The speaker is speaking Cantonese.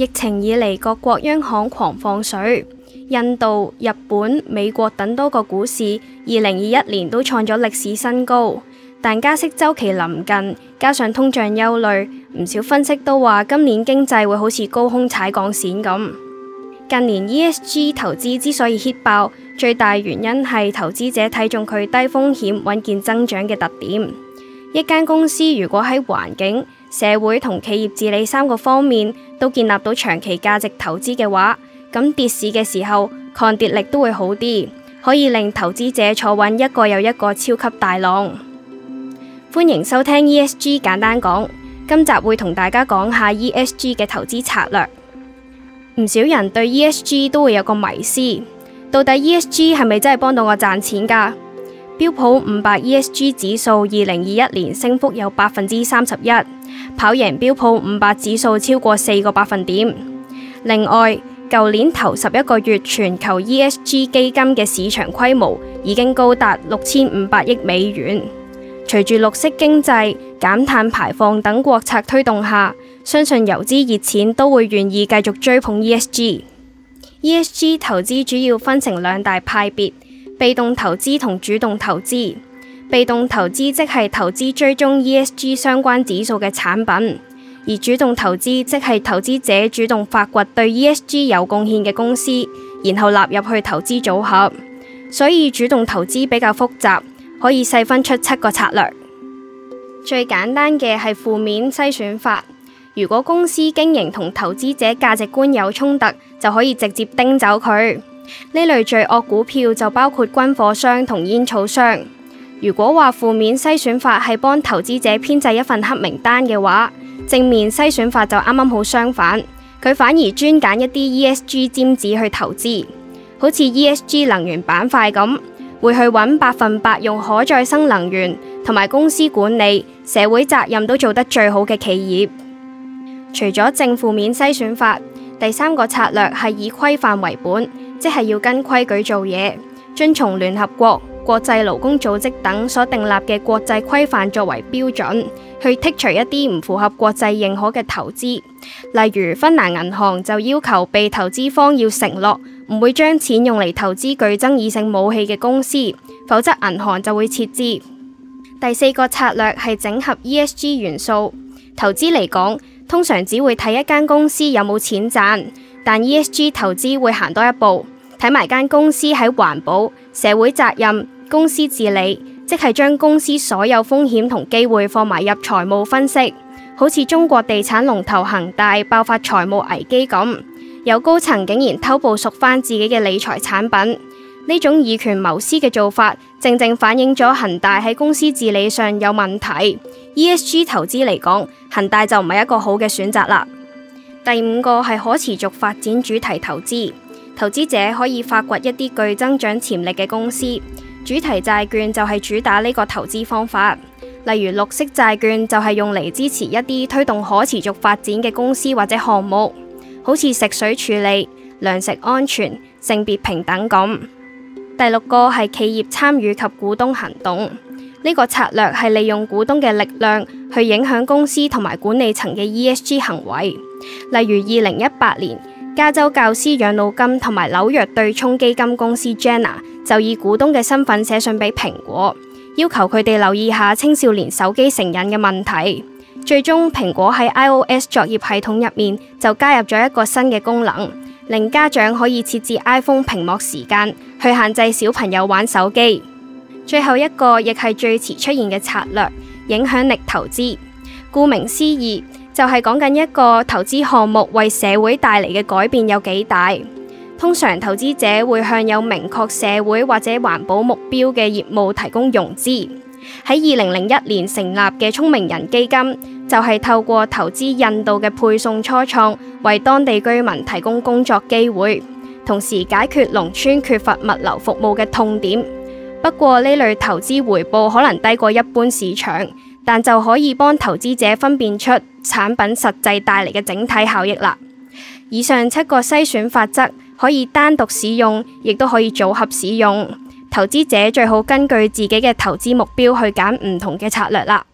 疫情以嚟，各國央行狂放水，印度、日本、美國等多個股市，二零二一年都創咗歷史新高。但加息周期臨近，加上通脹憂慮，唔少分析都話今年經濟會好似高空踩鋼線咁。近年 ESG 投資之所以歇爆，最大原因係投資者睇中佢低風險、穩健增長嘅特點。一間公司如果喺環境，社會同企業治理三個方面都建立到長期價值投資嘅話，咁跌市嘅時候抗跌力都會好啲，可以令投資者坐穩一個又一個超級大浪。歡迎收聽 ESG 簡單講，今集會同大家講下 ESG 嘅投資策略。唔少人對 ESG 都會有個迷思，到底 ESG 係咪真係幫到我賺錢㗎？標普五百 ESG 指數二零二一年升幅有百分之三十一，跑贏標普五百指數超過四個百分點。另外，舊年頭十一個月，全球 ESG 基金嘅市場規模已經高達六千五百億美元。隨住綠色經濟、減碳排放等國策推動下，相信游資熱錢都會願意繼續追捧 ESG。ESG 投資主要分成兩大派別。被動投資同主動投資，被動投資即係投資追蹤 ESG 相關指數嘅產品，而主動投資即係投資者主動發掘對 ESG 有貢獻嘅公司，然後納入去投資組合。所以主動投資比較複雜，可以細分出七個策略。最簡單嘅係負面篩選法，如果公司經營同投資者價值觀有衝突，就可以直接叮走佢。呢類罪惡股票就包括軍火商同煙草商。如果話負面篩選法係幫投資者編制一份黑名單嘅話，正面篩選法就啱啱好相反，佢反而專揀一啲 ESG 尖子去投資，好似 ESG 能源板塊咁，會去揾百分百用可再生能源同埋公司管理社會責任都做得最好嘅企業。除咗正負面篩選法，第三個策略係以規範為本。即係要跟規矩做嘢，遵從聯合國、國際勞工組織等所訂立嘅國際規範作為標準，去剔除一啲唔符合國際認可嘅投資。例如，芬蘭銀行就要求被投資方要承諾唔會將錢用嚟投資具爭議性武器嘅公司，否則銀行就會撤資。第四個策略係整合 ESG 元素，投資嚟講，通常只會睇一間公司有冇錢賺。但 ESG 投資會行多一步，睇埋間公司喺環保、社會責任、公司治理，即係將公司所有風險同機會放埋入財務分析。好似中國地產龍頭恒大爆發財務危機咁，有高層竟然偷步贖返自己嘅理財產品，呢種以權謀私嘅做法，正正反映咗恒大喺公司治理上有問題。ESG 投資嚟講，恒大就唔係一個好嘅選擇啦。第五個係可持續發展主題投資，投資者可以發掘一啲具增長潛力嘅公司。主題債券就係主打呢個投資方法，例如綠色債券就係用嚟支持一啲推動可持續發展嘅公司或者項目，好似食水處理、糧食安全、性別平等咁。第六個係企業參與及股東行動。呢個策略係利用股東嘅力量去影響公司同埋管理層嘅 ESG 行為，例如二零一八年，加州教師養老金同埋紐約對沖基金公司 Jana 就以股東嘅身份寫信俾蘋果，要求佢哋留意下青少年手機成癮嘅問題。最終，蘋果喺 iOS 作業系統入面就加入咗一個新嘅功能，令家長可以設置 iPhone 屏幕時間，去限制小朋友玩手機。最後一個亦係最遲出現嘅策略，影響力投資。顧名思義，就係講緊一個投資項目為社會帶嚟嘅改變有幾大。通常投資者會向有明確社會或者環保目標嘅業務提供融資。喺二零零一年成立嘅聰明人基金，就係透過投資印度嘅配送初創，為當地居民提供工作機會，同時解決農村缺乏物流服務嘅痛點。不過呢類投資回報可能低過一般市場，但就可以幫投資者分辨出產品實際帶嚟嘅整體效益啦。以上七個篩選法則可以單獨使用，亦都可以組合使用。投資者最好根據自己嘅投資目標去揀唔同嘅策略啦。